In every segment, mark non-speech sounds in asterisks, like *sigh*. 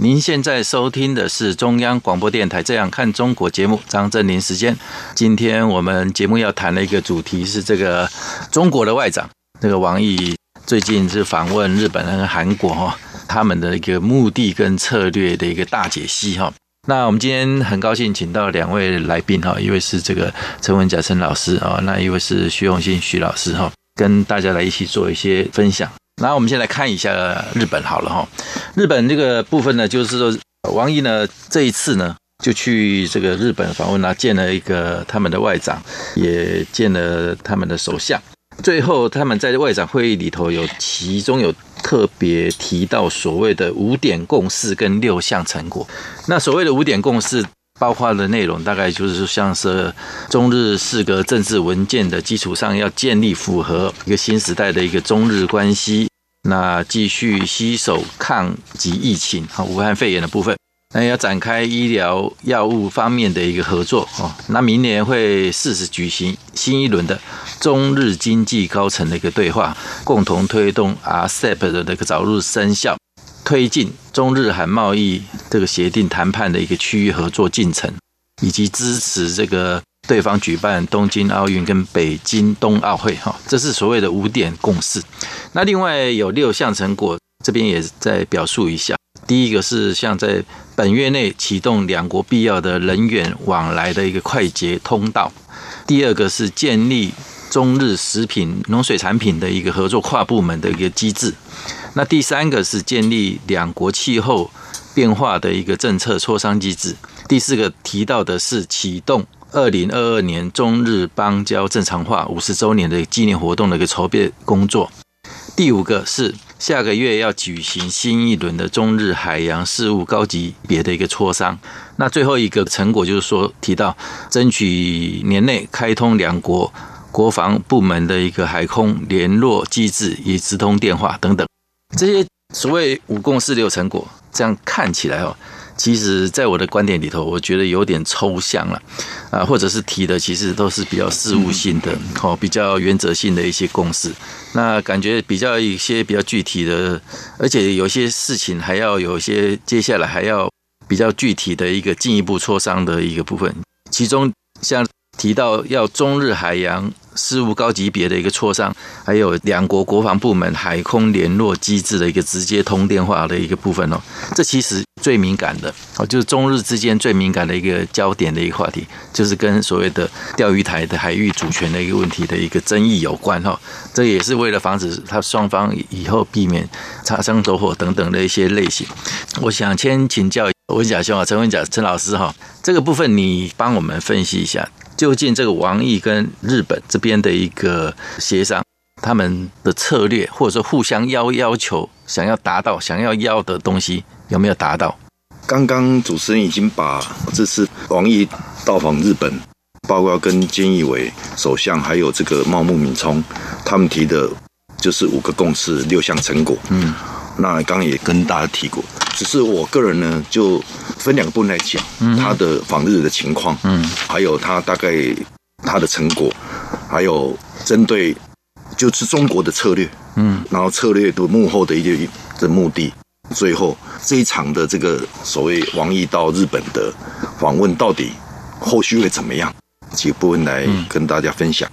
您現在收聽的是中央廣播電台《這樣看中國》節目，張正霖時間。今天我們節目要談的一個主題是這個中國的外長，這個王毅最近是訪問日本，跟韓國哈，他們的一個目的跟策略的一個大解析哈。那我們今天很高興請到兩位來賓哈，一位是這個陳文甲陳老師啊，那一位是徐浤馨徐老師哈，跟大家來一起做一些分享。那我們先來看一下日本好了哈，日本這個部分呢，就是說王毅呢這一次呢就去這個日本訪問啦，見了一個他們的外長，也見了他們的首相，最後他們在外長會議裡頭有其中有特別提到所謂的五點共識跟六項成果，那所謂的五點共識。包括的內容大概就是說，像是中日四個政治文件的基礎上，要建立符合一個新時代的一個中日關係。那繼續攜手抗擊疫情啊，武漢肺炎的部分，那要展開醫療藥物方面的一個合作哦，那明年會適時舉行新一輪的中日經濟高層的一個對話，共同推動 RCEP 的這個早日生效。推進中日韓貿易這個協定談判的一個區域合作進程，以及支持這個對方舉辦東京奧運跟北京冬奧會，哈，這是所謂的五點共識。那另外有六項成果，這邊也再表述一下。第一個是像在本月內啟動兩國必要的人員往來的一個快捷通道；第二個是建立中日食品、農水產品的一個合作跨部門的一個機制。那第三個是建立兩國氣候變化的一個政策磋商機制。第四個提到的是啟動二零二二年中日邦交正常化五十周年的紀念活動的一個籌備工作。第五個是下個月要舉行新一輪的中日海洋事務高級別的一個磋商。那最後一個成果就是說提到爭取年內開通兩國國防部門的一個海空聯絡機制以直通電話等等。這些所謂五共四六成果，這樣看起來哦，其實在我的觀點裡頭，我覺得有點抽象了啊，或者是提的其實都是比較事務性的、嗯，哦，比較原則性的一些共識。那感覺比較一些比較具體的，而且有些事情還要有一些接下來還要比較具體的一個進一步磋商的一個部分，其中像，提到要中日海洋事務高級別的一個磋商，還有兩國國防部門海空聯絡機制的一個直接通電話的一個部分哦，這其實最敏感的哦，就是中日之間最敏感的一個焦點的一個話題，就是跟所謂的釣魚台的海域主權的一個問題的一個爭議有關哈，這也是為了防止它雙方以後避免擦槍走火等等的一些類型。我想先請教文甲兄啊，陳文甲陳老師哈，這個部分你幫我們分析一下。究竟這個王毅跟日本這邊的一個協商，他們的策略，或者說互相要要求想要達到、想要要的東西，有沒有達到？剛剛主持人已經把這次王毅到訪日本，包括跟菅義偉首相還有這個茂木敏充他們提的，就是五個共識、六項成果。嗯，那剛也跟大家提過。只是我個人呢，就分兩個部分來講，他的訪日的情況，嗯，還有他大概他的成果，還有針對就是中國的策略，嗯，然後策略的幕後的一些的目的，最後這一場的這個所謂王毅到日本的訪問，到底後續會怎麼樣？幾個部分來跟大家分享。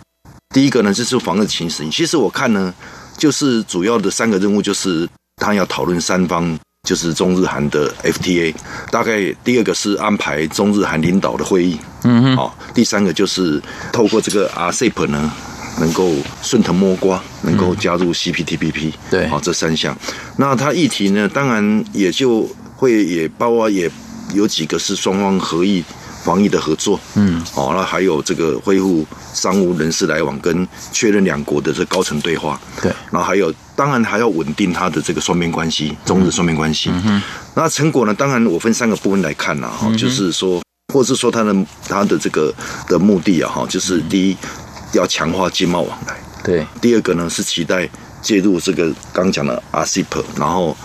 第一個呢，就是訪日情形。其實我看呢，就是主要的三個任務，就是他要討論三方。就是中日韓的 FTA，大概第二個是安排中日韓領導的會議，嗯哼，好、哦，第三個就是透過這個 RCEP 呢，能夠順藤摸瓜，能夠加入 CPTPP、嗯、對，好、哦，這三項，那它議題呢，當然也就會也包括也有幾個是雙方合意。防疫的合作，嗯，好、哦，那還有這個恢復商務人士來往，跟確認兩國的這高層對話，對，然後還有，當然還要穩定它的這個雙邊關係，中日雙邊關係。嗯那成果呢？當然我分三個部分來看啦，哈、嗯，就是說，或者是說它的它的這個的目的啊，哈，就是第一、嗯、要強化經貿往來，對，第二個呢是期待介入這個剛講的 RCEP，p 然後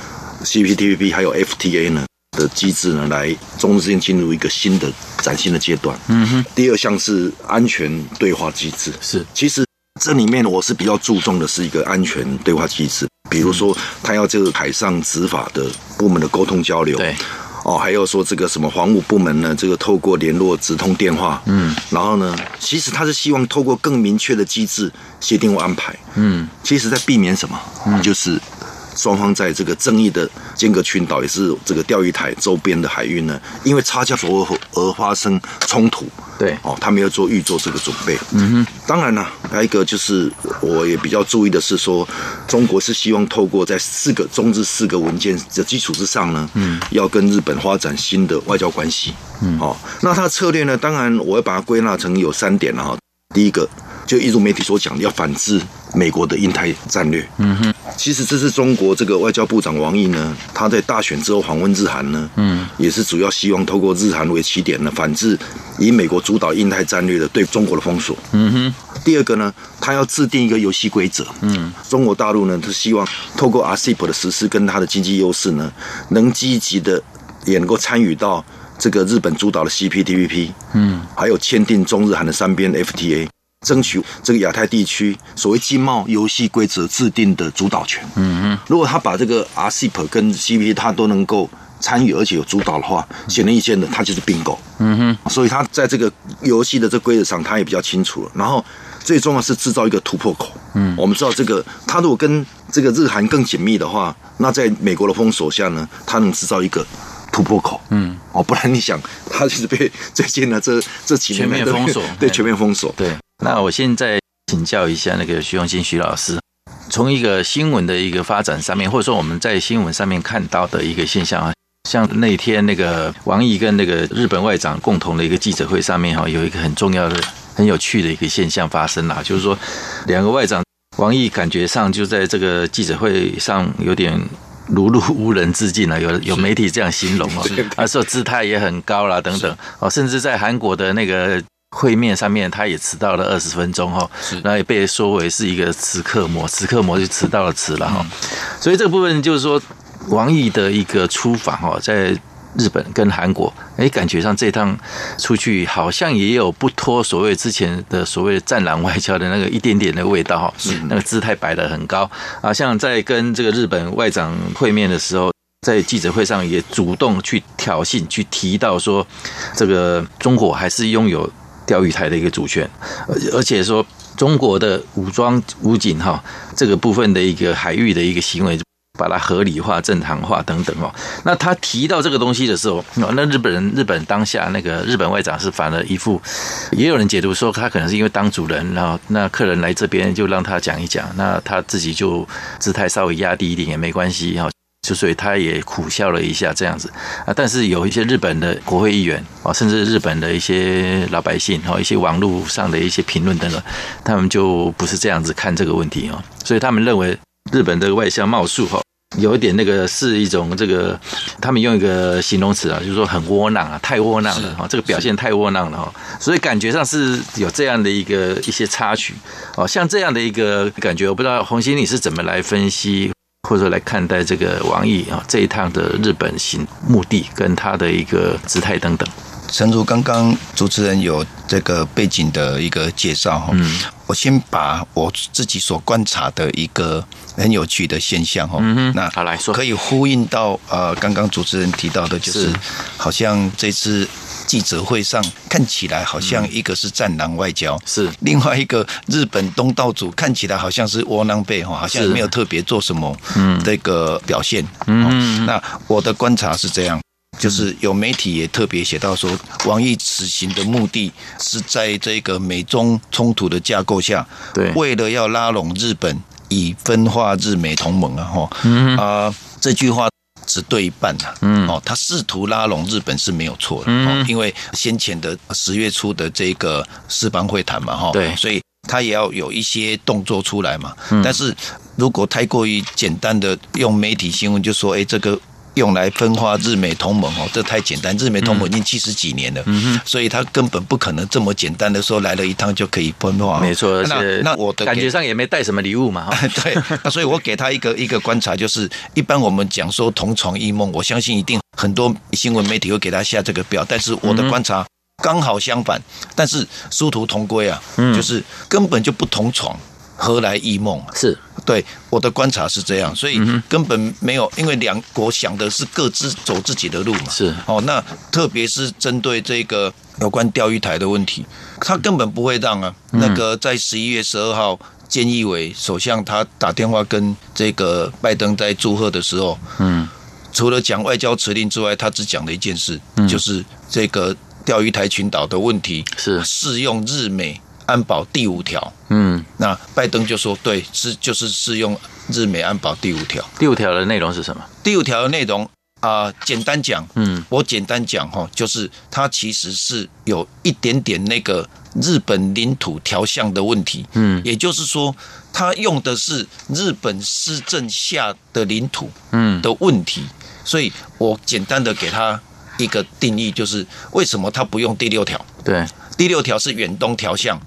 CPTPP 還有 FTA 呢的機制呢來中日進入一個新的。嶄新的階段，嗯哼。第二項是安全對話機制，是。其實這裡面我是比較注重的是一個安全對話機制，比如說他要這個海上執法的部門的溝通交流，對、嗯。哦，還有說這個什麼防務部門呢，這個透過聯絡直通電話，嗯。然後呢，其實他是希望透過更明確的機制協定或安排，嗯。其實，在避免什麼？嗯，就是。雙方在這個爭議的尖閣群島，也是這個釣魚台周邊的海域呢，因為差價所而發生衝突。對，哦，他沒有做預做這個準備。嗯哼。當然了、啊，還有一個就是，我也比較注意的是說，中國是希望透過在四個中日四個文件的基礎之上呢，嗯，要跟日本發展新的外交關係。嗯，好、哦。那它的策略呢？當然，我要把它歸納成有三點了、啊、哈。第一個。就一如媒體所講，要反制美國的印太戰略。嗯哼，其實這是中國這個外交部長王毅呢，他在大選之後訪問日韓呢，嗯，也是主要希望透過日韓為起點呢，反制以美國主導印太戰略的對中國的封鎖。嗯哼，第二個呢，他要制定一個遊戲規則。嗯，中國大陸呢，他希望透過 RCEP 的實施跟他的經濟優勢呢，能積極的也能夠參與到這個日本主導的 CPTPP。嗯，還有簽訂中日韓的三邊 FTA。爭取這個亞太地區所謂經貿遊戲規則制定的主導權。嗯哼，如果他把這個 RCEP 跟 CPTPP 他都能夠參與，而且有主導的話，顯而易見的，他就是併購。嗯哼，所以他在這個遊戲的這規則上，他也比較清楚了。然後最重要的是制造一個突破口。嗯，我們知道這個，他如果跟這個日韓更緊密的話，那在美國的封鎖下呢，他能制造一個。突破口，嗯，哦，不然你想，他就是被最近的這這幾年全面封鎖，對，全面封鎖，對。對嗯、那我現在請教一下那個徐浤馨徐老師，從一個新聞的一個發展上面，或者說我們在新聞上面看到的一個現象啊，像那天那個王毅跟那個日本外長共同的一個記者會上面哈，有一個很重要的、很有趣的一個現象發生了，就是說兩個外長王毅感覺上就在這個記者會上有點。如入無人之境了，有有媒體這樣形容哦，而且、喔啊、姿態也很高啦，等等哦、喔，甚至在韓國的那個會面上面，他也遲到了二十分鐘哈，那、喔、也被說為是一個遲刻魔，遲刻魔就遲到了遲了哈，所以這個部分就是說王毅的一個出訪哈、喔，在日本跟韓國，哎，感覺上這趟出去好像也有不脫所謂之前的所謂的“戰狼外交”的那個一點點的味道，是，那個姿態擺得很高啊。像在跟這個日本外長會面的時候，在記者會上也主動去挑釁，去提到說，這個中國還是擁有釣魚台的一個主權，而而且說中國的武裝武警哈這個部分的一個海域的一個行為。把它合理化、正常化等等哦。那他提到這個東西的時候，那日本人、日本當下那個日本外長是反了一副。也有人解讀說，他可能是因為當主人，然後那客人來這邊就讓他講一講，那他自己就姿態稍微壓低一點也沒關係哈。就所以他也苦笑了一下這樣子啊。但是有一些日本的國會議員哦，甚至日本的一些老百姓哦，一些網絡上的一些評論等等，他們就不是這樣子看這個問題哦。所以他們認為日本的外相貌數哈。有一點那個是一種這個，他們用一個形容詞啊，就是說很窩囊啊，太窩囊了哈，這個表現太窩囊了哈、哦，所以感覺上是有這樣的一個一些插曲哦，像這樣的一個感覺，我不知道浤馨你是怎麼來分析或者說來看待這個王毅啊這一趟的日本行目的跟他的一個姿態等等。誠如剛剛主持人有這個背景的一個介紹哈、嗯，我先把我自己所觀察的一個很有趣的現象哈、嗯，那他來說可以呼應到呃剛剛主持人提到的，就是，是好像這次記者會上看起來好像一個是戰狼外交，是另外一個日本東道主看起來好像是窩囊廢哈，好像沒有特別做什麼這個表現，嗯，那我的觀察是這樣。就是有媒體也特別寫到說，王毅此行的目的是在這個美中衝突的架構下，為了要拉攏日本，以分化日美同盟啊，哈、呃，啊、嗯，這句話只對一半吶、啊，嗯，哦，他試圖拉攏日本是沒有錯的，嗯，因為先前的十月初的這個四方會談嘛，哈，對，所以他也要有一些動作出來嘛、嗯，但是如果太過於簡單的用媒體新聞就說，哎，這個。用來分化日美同盟哦，這太簡單。日美同盟已經七十幾年了，嗯、所以他根本不可能這麼簡單的說，來了一趟就可以分化。沒錯，是，那我的感覺上也沒帶什麼禮物嘛。 *laughs* 對，那所以我給他一個一個觀察，就是一般我們講說同床異夢，我相信一定很多新聞媒體會給他下這個標，但是我的觀察剛好相反，但是殊途同歸啊、嗯，就是根本就不同床。何來異夢、啊？是，對我的觀察是這樣，所以根本沒有，因為兩國想的是各自走自己的路嘛。是哦，那特別是針對這個有關釣魚台的問題，他根本不會讓啊。那個在十一月十二號，菅義偉首相他打電話跟這個拜登在祝賀的時候，嗯，除了講外交辭令之外，他只講了一件事，嗯、就是這個釣魚台群島的問題是適用日美。安保第五條，嗯，那拜登就說對，是就是是用日美安保第五條。第五條的內容是什麼？第五條的內容啊、呃，簡單講，嗯，我簡單講哈，就是它其實是有一點點那個日本領土條項的問題，嗯，也就是說，他用的是日本施政下的領土，嗯的問題、嗯，所以我簡單的給他一個定義，就是為什麼他不用第六條？對，第六條是遠東條項。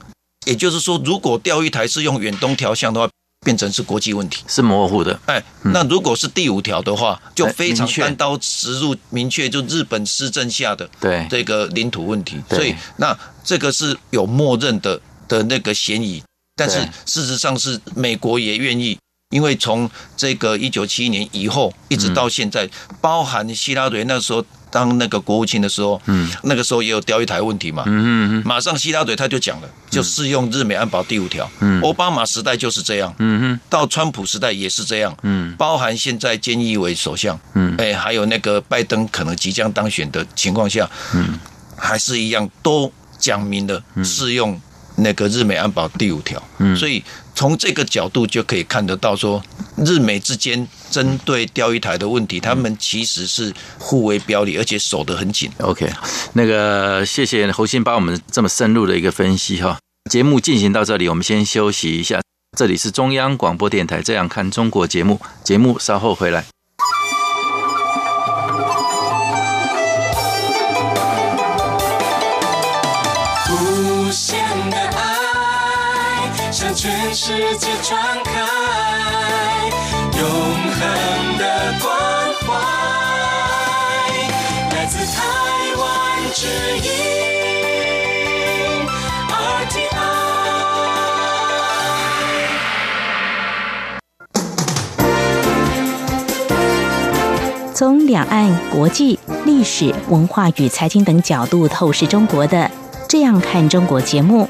也就是說，如果釣魚台是用遠東調向的話，變成是國際問題，是模糊的。哎，那如果是第五條的話、嗯，就非常單刀直入，明確就日本施政下的對這個領土問題。所以，那這個是有默認的的那個嫌疑。但是事實上是美國也願意，因為從這個一九七一年以後一直到現在，嗯、包含希拉蕊那時候。當那個國務卿的時候，嗯、那個時候也有釣魚台問題嘛，嗯、哼哼馬上希拉蕊他就講了，嗯、就適用日美安保第五條。奧、嗯、巴馬時代就是這樣、嗯，到川普時代也是這樣，嗯、包含現在菅義偉首相，哎、嗯欸，還有那個拜登可能即將當選的情況下、嗯，還是一樣都講明了適、嗯、用。那個日美安保第五條，嗯，所以從這個角度就可以看得到，說日美之間針對釣魚台的問題，嗯、他們其實是互為表裡，而且守得很緊。OK，那個謝謝浤馨幫我們這麼深入的一個分析哈。節目進行到這裡，我們先休息一下。這裡是中央廣播電台《這樣看中國》節目，節目稍後回來。世界，傳開永恆的關懷，來自台灣之音 RTI。從兩岸國際歷史文化與財經等角度透視中國的《這樣看中國》節目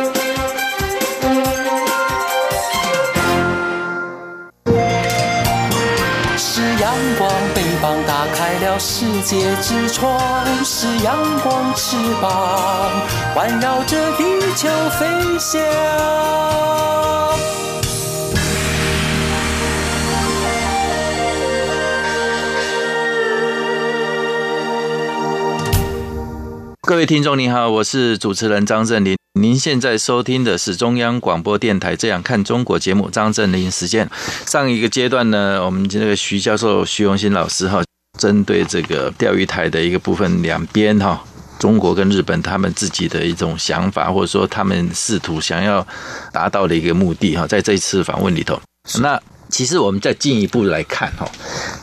世界之窗是陽光翅膀，環繞着地球飛翔。各位聽眾，您好，我是主持人張正霖。您現在收聽的是中央廣播電台《這樣看中國》節目。張正霖時間。上一個階段呢，我們這個徐教授徐浤馨老師哈。針對這個釣魚台的一個部分，兩邊哈，中國跟日本他們自己的一種想法，或者說他們試圖想要達到的一個目的哈，在這一次訪問裡頭，那其實我們再進一步來看哈，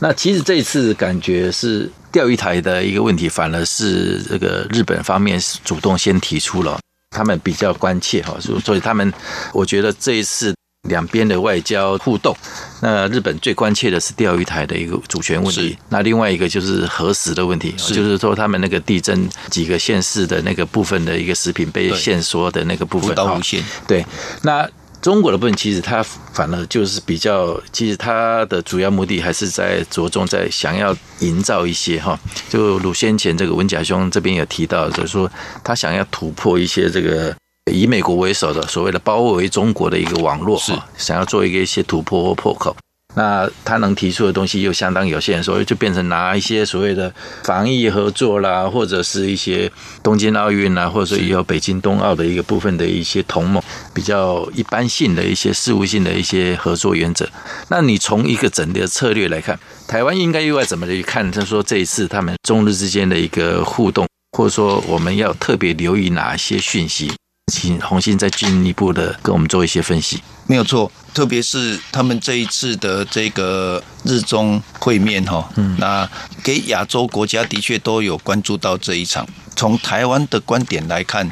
那其實這次感覺是釣魚台的一個問題，反而是這個日本方面是主動先提出了，他們比較關切哈，所所以他們我覺得這一次。兩邊的外交互動，那日本最關切的是釣魚台的一個主權問題，那另外一個就是核食的問題，就是說他們那個地震幾個縣市的那個部分的一個食品被限縮的那個部分對、哦，對，那中國的部分其實它反而就是比較，其實它的主要目的還是在着重在想要營造一些哈、哦，就如先前這個文甲兄這邊也提到，就是說他想要突破一些這個。以美國為首的所謂的包圍中國的一個網絡，是想要做一個一些突破或破口。那他能提出的東西又相當有限，所以就變成拿一些所謂的防疫合作啦，或者是一些東京奧運啦，或者說以後北京冬奧的一個部分的一些同盟，比較一般性的一些事務性的一些合作原則。那你從一個整個策略來看，台灣應該又要怎麼去看？他說這一次他們中日之間的一個互動，或者說我們要特別留意哪些訊息？請浤馨再進一步的跟我們做一些分析。沒有錯，特別是他們這一次的這個日中會面，哈，嗯，那給亞洲國家的確都有關注到這一場。從台灣的觀點來看，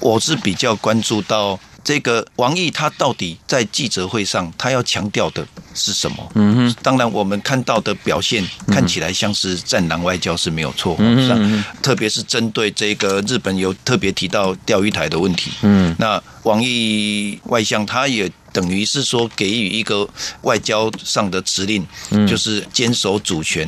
我是比較關注到。這個王毅他到底在記者會上，他要強調的是什麼？嗯哼，當然我們看到的表現看起來像是戰狼外交是沒有錯，嗯哼嗯哼，特別是針對這個日本有特別提到釣魚台的問題，嗯，那王毅外相他也等於是說給予一個外交上的指令，嗯，就是堅守主權，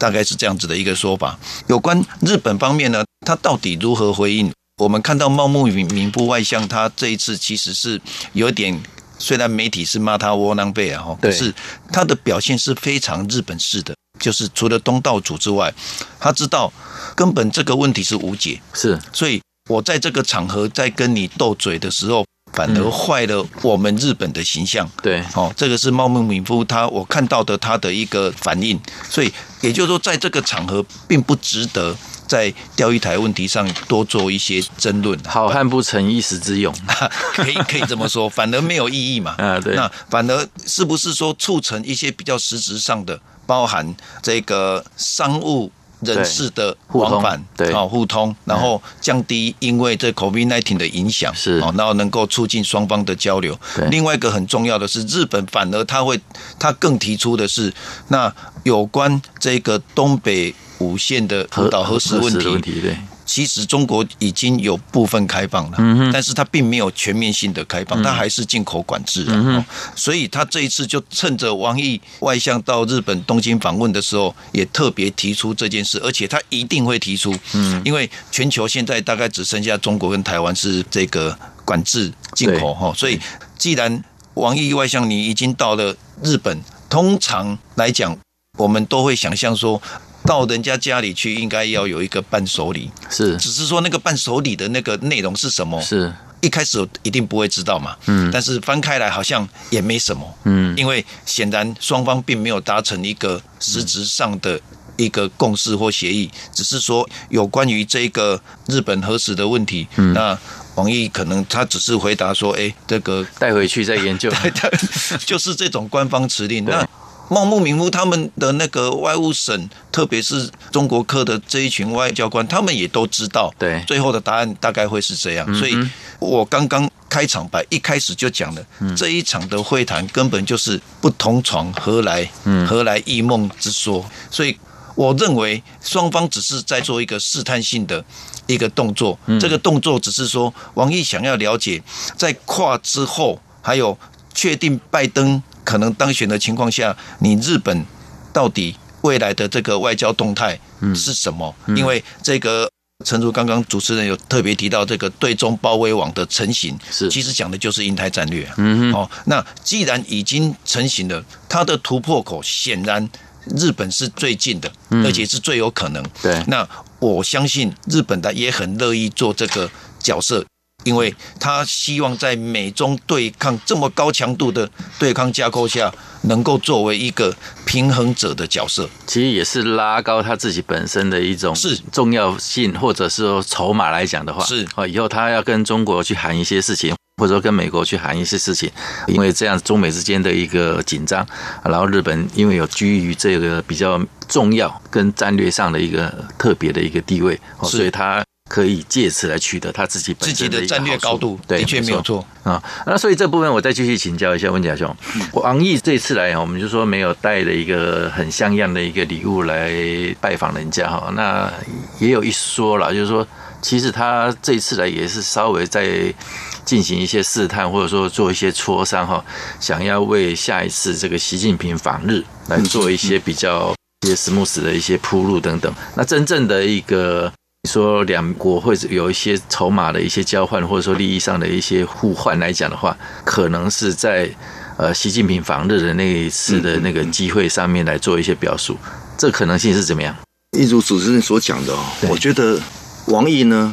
大概是這樣子的一個說法。有關日本方面呢，他到底如何回應？我們看到茂木敏充外相，他這一次其實是有點，雖然媒體是罵他窩囊廢啊，哈，可是他的表現是非常日本式的，就是除了東道主之外，他知道根本這個問題是無解，是，所以我在這個場合在跟你鬥嘴的時候，反而壞了我們日本的形象，嗯、對，哦，這個是茂木敏充他我看到的他的一個反應，所以也就是說，在這個場合並不值得。在釣魚台問題上多做一些爭論，啊，好漢不成一時之勇， *laughs* 啊、可以可以這麼說，反而沒有意義嘛。啊，對。那反而是不是說促成一些比較實質上的，包含這個商務人士的往返，對，啊、哦，互通，然後降低因為這 COVID-19 的影響，是，哦，然後能夠促進雙方的交流。對，另外一個很重要的是，日本反而他會，他更提出的是，那有關這個東北。福島的核食問題，其實中國已經有部分開放了，但是它並沒有全面性的開放，它還是進口管制啊，所以他這一次就趁着王毅外相到日本東京訪問的時候，也特別提出這件事，而且他一定會提出，嗯，因為全球現在大概只剩下中國跟台灣是這個管制進口哈，所以既然王毅外相你已經到了日本，通常來講，我們都會想象說，到人家家裡去，應該要有一個伴手禮，是，只是說那個伴手禮的那個內容是什麼？是，一開始一定不會知道嘛，嗯，但是翻開來好像也沒什麼，嗯，因為顯然雙方並沒有達成一個實質上的一個共識或協議，嗯，只是說有關於這個日本核食的問題，嗯，那王毅可能他只是回答說，哎、欸，這個帶回去再研究， *laughs* 就是這種官方辭令，那。 *laughs* 茂木明夫他們的那個外務省，特別是中國科的這一群外交官，他們也都知道，對最後的答案大概會是這樣。嗯、所以，我剛剛開場白一開始就講了，嗯，這一場的會談根本就是不同床何來何來異夢之說。嗯、所以，我認為雙方只是在做一個試探性的一個動作，嗯，這個動作只是說，王毅想要了解，在跨之後還有確定拜登，可能當選的情況下，你日本到底未來的這個外交動態是什麼？嗯嗯、因為這個，陳如剛剛主持人有特別提到，這個對中包圍網的成型，是其實講的就是印太戰略、啊嗯。哦，那既然已經成型了，它的突破口顯然日本是最近的，嗯、而且是最有可能、嗯。對，那我相信日本的也很樂意做這個角色。因為他希望在美中對抗這麼高強度的對抗架構下，能夠作為一個平衡者的角色，其實也是拉高他自己本身的一種重要性，或者是說籌碼來講的話，是啊，以後他要跟中國去談一些事情，或者說跟美國去談一些事情，因為這樣中美之間的一個緊張，然後日本因為有居於這個比較重要跟戰略上的一個特別的一個地位，所以他。可以借此來取得他自己本身的，的戰略高度對，的確沒有錯啊。那所以這部分我再繼續請教一下文甲兄。王、嗯、毅這次來，我們就說沒有帶了一個很像樣的一個禮物來拜訪人家哈。那也有一說了，就是說其實他這次來也是稍微在進行一些試探，或者說做一些磋商哈，想要為下一次這個習近平訪日來做一些比較一些 smooth 的一些鋪路等等。那真正的一個。你說兩國會有一些籌碼的一些交換，或者說利益上的一些互換來講的話，可能是在呃習近平訪日的那一次的那個機會上面來做一些表述，嗯嗯、這可能性是怎麼樣？一如主持人所講的哦，我覺得王毅呢，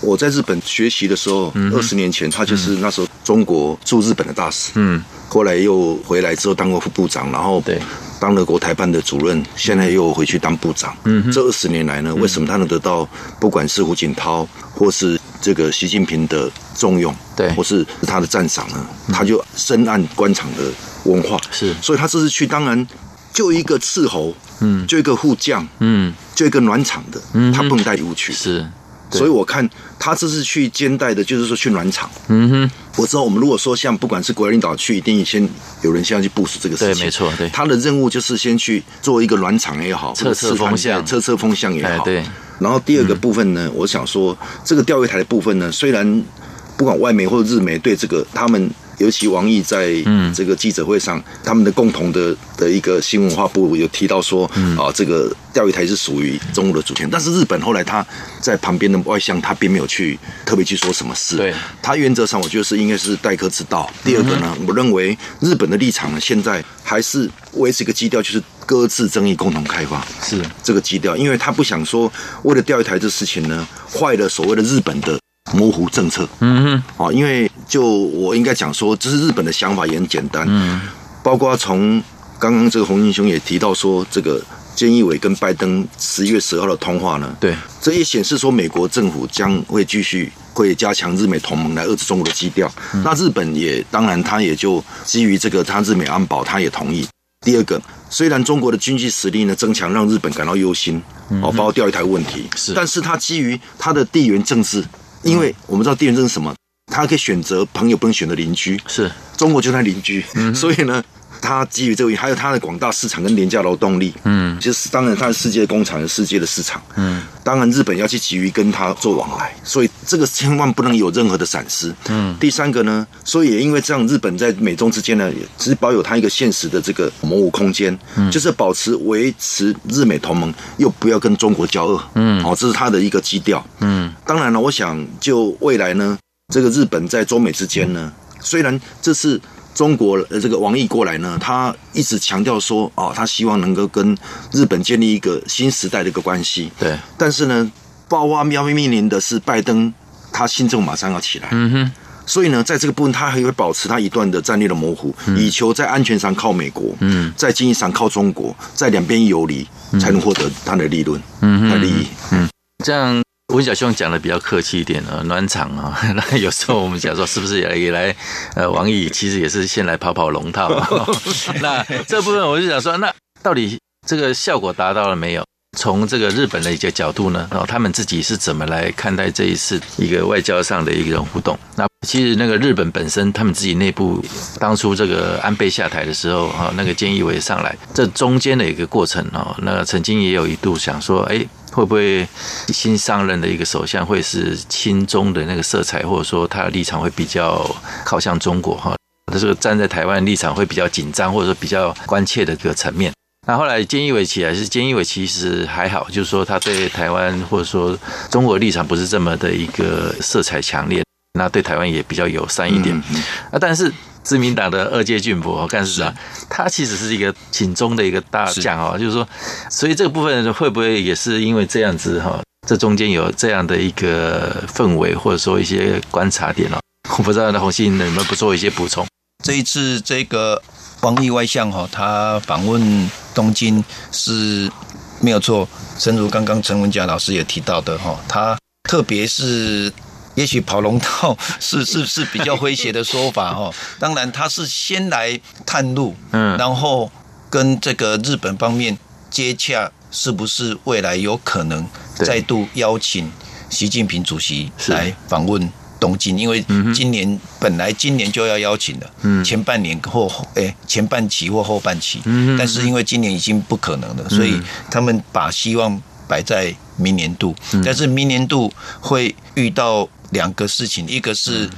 我在日本學習的時候，嗯、二十年前他就是那時候中國駐日本的大使，嗯，後來又回來之後當過副部長，然後對。當了國台辦的主任，現在又回去當部長。嗯，這二十年來呢，為什麼他能得到、嗯、不管是胡錦濤或是這個習近平的重用，對，或是他的讚賞呢、嗯？他就深諳官場的文化，是，所以他這次去，當然就一個斥候，嗯，就一個副將，嗯，就一個暖場的，嗯、他不能帶禮物去，是，所以我看他這次去兼帶的，就是說去暖場，嗯哼。我知道，我們如果說像不管是國外領導去，一定先有人先要去部署這個事情。對，沒錯，對。他的任務就是先去做一個暖場也好，測測風向，測測風向也好，對。對。然後第二個部分呢，嗯，我想說這個釣魚台的部分呢，雖然不管外媒或者日媒對這個他們。尤其王毅在嗯這個記者會上，嗯、他們的共同的的一個新聞發布會有提到說、嗯，啊，這個釣魚台是屬於中國的主權。但是日本後來他在旁邊的外相他並沒有去特別去說什麼事。對，他原則上我覺得是應該是待客之道、嗯。第二個呢，我認為日本的立場呢，現在還是維持一個基調，就是擱置爭議，共同開發是這個基調，因為他不想說為了釣魚台這事情呢，壞了所謂的日本的。模糊政策，嗯，啊，因為就我應該講說，這、就是日本的想法也很簡單，嗯，包括從剛剛這個浤馨兄也提到說，這個菅義偉跟拜登十一月十號的通話呢，對，這也顯示說美國政府將會繼續會加強日美同盟來遏制中國的基調。嗯、那日本也當然，他也就基於這個他日美安保，他也同意。第二個，雖然中國的經濟實力呢增強，讓日本感到憂心，哦、嗯，包括釣魚台問題，是，但是他基於他的地緣政治。因為我們知道，地緣政治是什麼，他可以選擇朋友，不能選擇鄰居，是，中國就是他鄰居，嗯，所以呢，他基於這個，還有他的廣大市場跟廉價勞動力，嗯，就是當然他是世界的工廠，世界的市場，嗯。當然，日本要去急於跟他做往來，所以這個千萬不能有任何的閃失。嗯，第三個呢，所以也因為這樣，日本在美中之間呢，只保有他一個現實的這個模糊空間，嗯，就是保持維持日美同盟，又不要跟中國交惡，嗯，好、哦，這是他的一個基調。嗯，當然了，我想就未來呢，這個日本在中美之間呢，雖然這是。中國呃，這個王毅過來呢，他一直強調說啊、哦，他希望能夠跟日本建立一個新時代的一個關係。對，但是呢，爆發喵咪面臨的是拜登，他新政馬上要起來。嗯哼。所以呢，在這個部分，他還會保持他一段的戰略的模糊，嗯、以求在安全上靠美國，嗯，在經濟上靠中國，在兩邊游離、嗯、才能獲得他的利潤、嗯哼、他的利益。嗯，這樣。文小兄講的比較客氣一點啊、哦，暖場啊、哦。那有時候我們講說，是不是也來也來？呃，王毅其實也是先來跑跑龍套、哦。那這部分我就想說，那到底這個效果達到了沒有？從這個日本的一個角度呢，然後他們自己是怎麼來看待這一次一個外交上的一個互動？那其實那個日本本身，他們自己內部當初這個安倍下台的時候，啊，那個菅義偉上來，這中間的一個過程哦，那曾經也有一度想說，哎、欸。會不會新上任的一個首相會是親中的那個色彩，或者說他的立場會比較靠向中國哈？他這個站在台灣的立場會比較緊張，或者說比較關切的一個層面。那後來菅義偉起來，是菅義偉其實還好，就是說他對台灣或者說中國立場不是這麼的一個色彩強烈。那對台灣也比較友善一點，嗯嗯，啊，但是，自民黨的二階俊博幹事長，他其實是一個親中的一個大將就是說，所以這個部分人會不會也是因為這樣子哈，哦，這中間有這樣的一個氛圍，或者說一些觀察點，哦，我不知道那浤馨能不能不做一些補充？這一次這個王毅外相哈，哦，他訪問東京是沒有錯，正如剛剛陳文甲老師也提到的哈，哦，他特別是。也許跑龍套是是是比較詼諧的說法哦。當然，他是先來探路，嗯，然後跟這個日本方面接洽，是不是未來有可能再度邀請習近平主席來訪問東京？因為今年本來今年就要邀請的，前半年或誒、欸，前半期或後半期，嗯，但是因為今年已經不可能了，所以他們把希望擺在明年度。但是明年度會遇到。兩個事情，一個是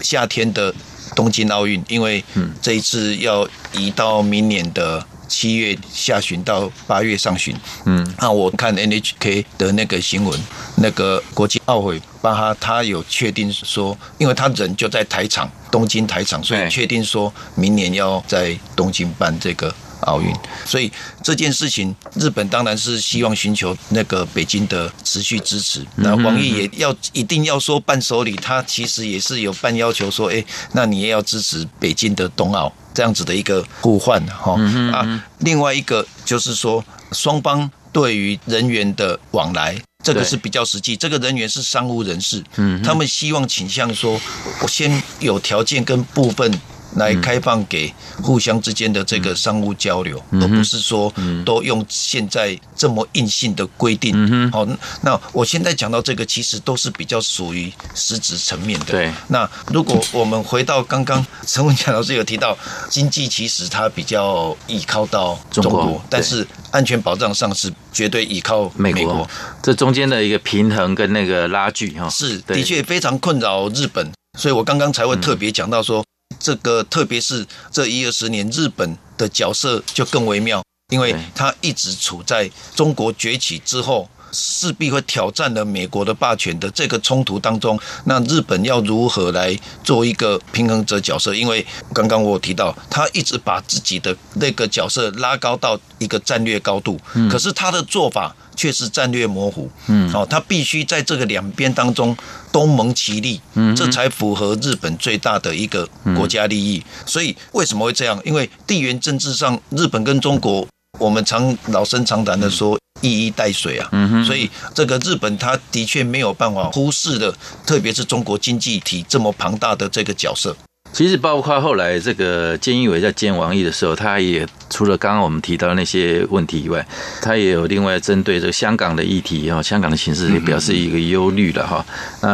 夏天的東京奧運，因為這一次要移到明年的七月下旬到八月上旬。嗯，那、啊、我看 NHK 的那個新聞，那個國際奧委會巴哈，他有確定說，因為他人就在台場，東京台場，所以確定說明年要在東京辦這個。奧運，所以這件事情，日本當然是希望尋求那個北京的持續支持，嗯。那王毅也要一定要說伴手禮，他其實也是有伴要求說，哎，那你也要支持北京的冬奧這樣子的一個互換哈。啊，另外一個就是說，雙方對於人員的往來，這個是比較實際。這個人員是商務人士，嗯，他們希望傾向說，我先有條件跟部分。來開放給互相之間的這個商務交流，嗯、而不是說、嗯、都用現在這麼硬性的規定。好、嗯，那我現在講到這個，其實都是比較屬於實質層面的。對，那如果我們回到剛剛陳文甲老師有提到，經濟其實它比較依靠到中國，中國，但是安全保障上是絕對依靠美國，美國。這中間的一個平衡跟那個拉鋸哈，是的確非常困擾日本。所以我剛剛才會特別講到說。嗯這個特別是這一二十年，日本的角色就更微妙，因為他一直處在中國崛起之後，勢必會挑戰了美國的霸權的這個衝突當中。那日本要如何來做一個平衡者角色？因為剛剛我有提到，他一直把自己的那個角色拉高到一個戰略高度，可是他的做法。確實戰略模糊，嗯、哦，他必須在這個兩邊當中都蒙其利，嗯，這才符合日本最大的一個國家利益。所以為什麼會這樣？因為地緣政治上，日本跟中國，我們常老生常談的說、嗯、一衣帶水啊、嗯，所以這個日本它的確沒有辦法忽視的，特別是中國經濟體這麼龐大的這個角色。其實包括後來這個菅義偉在建義委在見王毅的時候，他也除了剛剛我們提到的那些問題以外，他也有另外針對這個香港的議題，哈，香港的形勢也表示一個憂慮了，哈、嗯。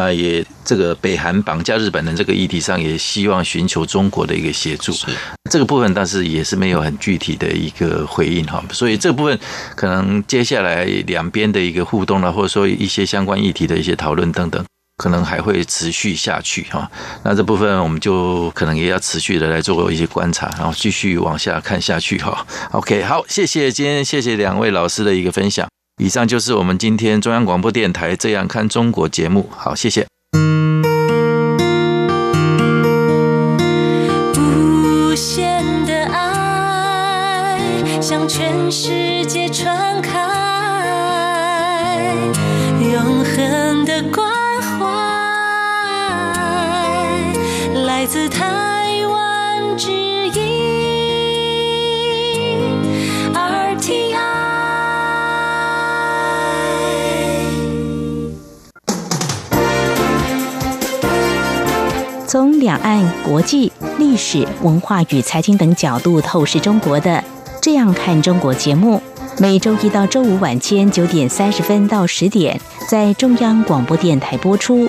那也這個北韓綁架日本人這個議題上，也希望尋求中國的一個協助。是這個部分，倒是也是沒有很具體的一個回應，哈。所以這個部分可能接下來兩邊的一個互動了，或者說一些相關議題的一些討論等等。可能還會持續下去哈，那這部分我們就可能也要持續的來做一些觀察，然後繼續往下看下去哈。OK，好，謝謝今天謝謝兩位老師的一個分享。以上就是我們今天中央廣播電臺《這樣看中國》節目。好，謝謝。無限的愛向全世界傳開，永恆的自台灣之音 RTI 從兩岸國際、歷史、文化與財經等角度透視中國的，這樣看中國節目，每周一到周五晚間九點三十分到十點，在中央廣播電台播出。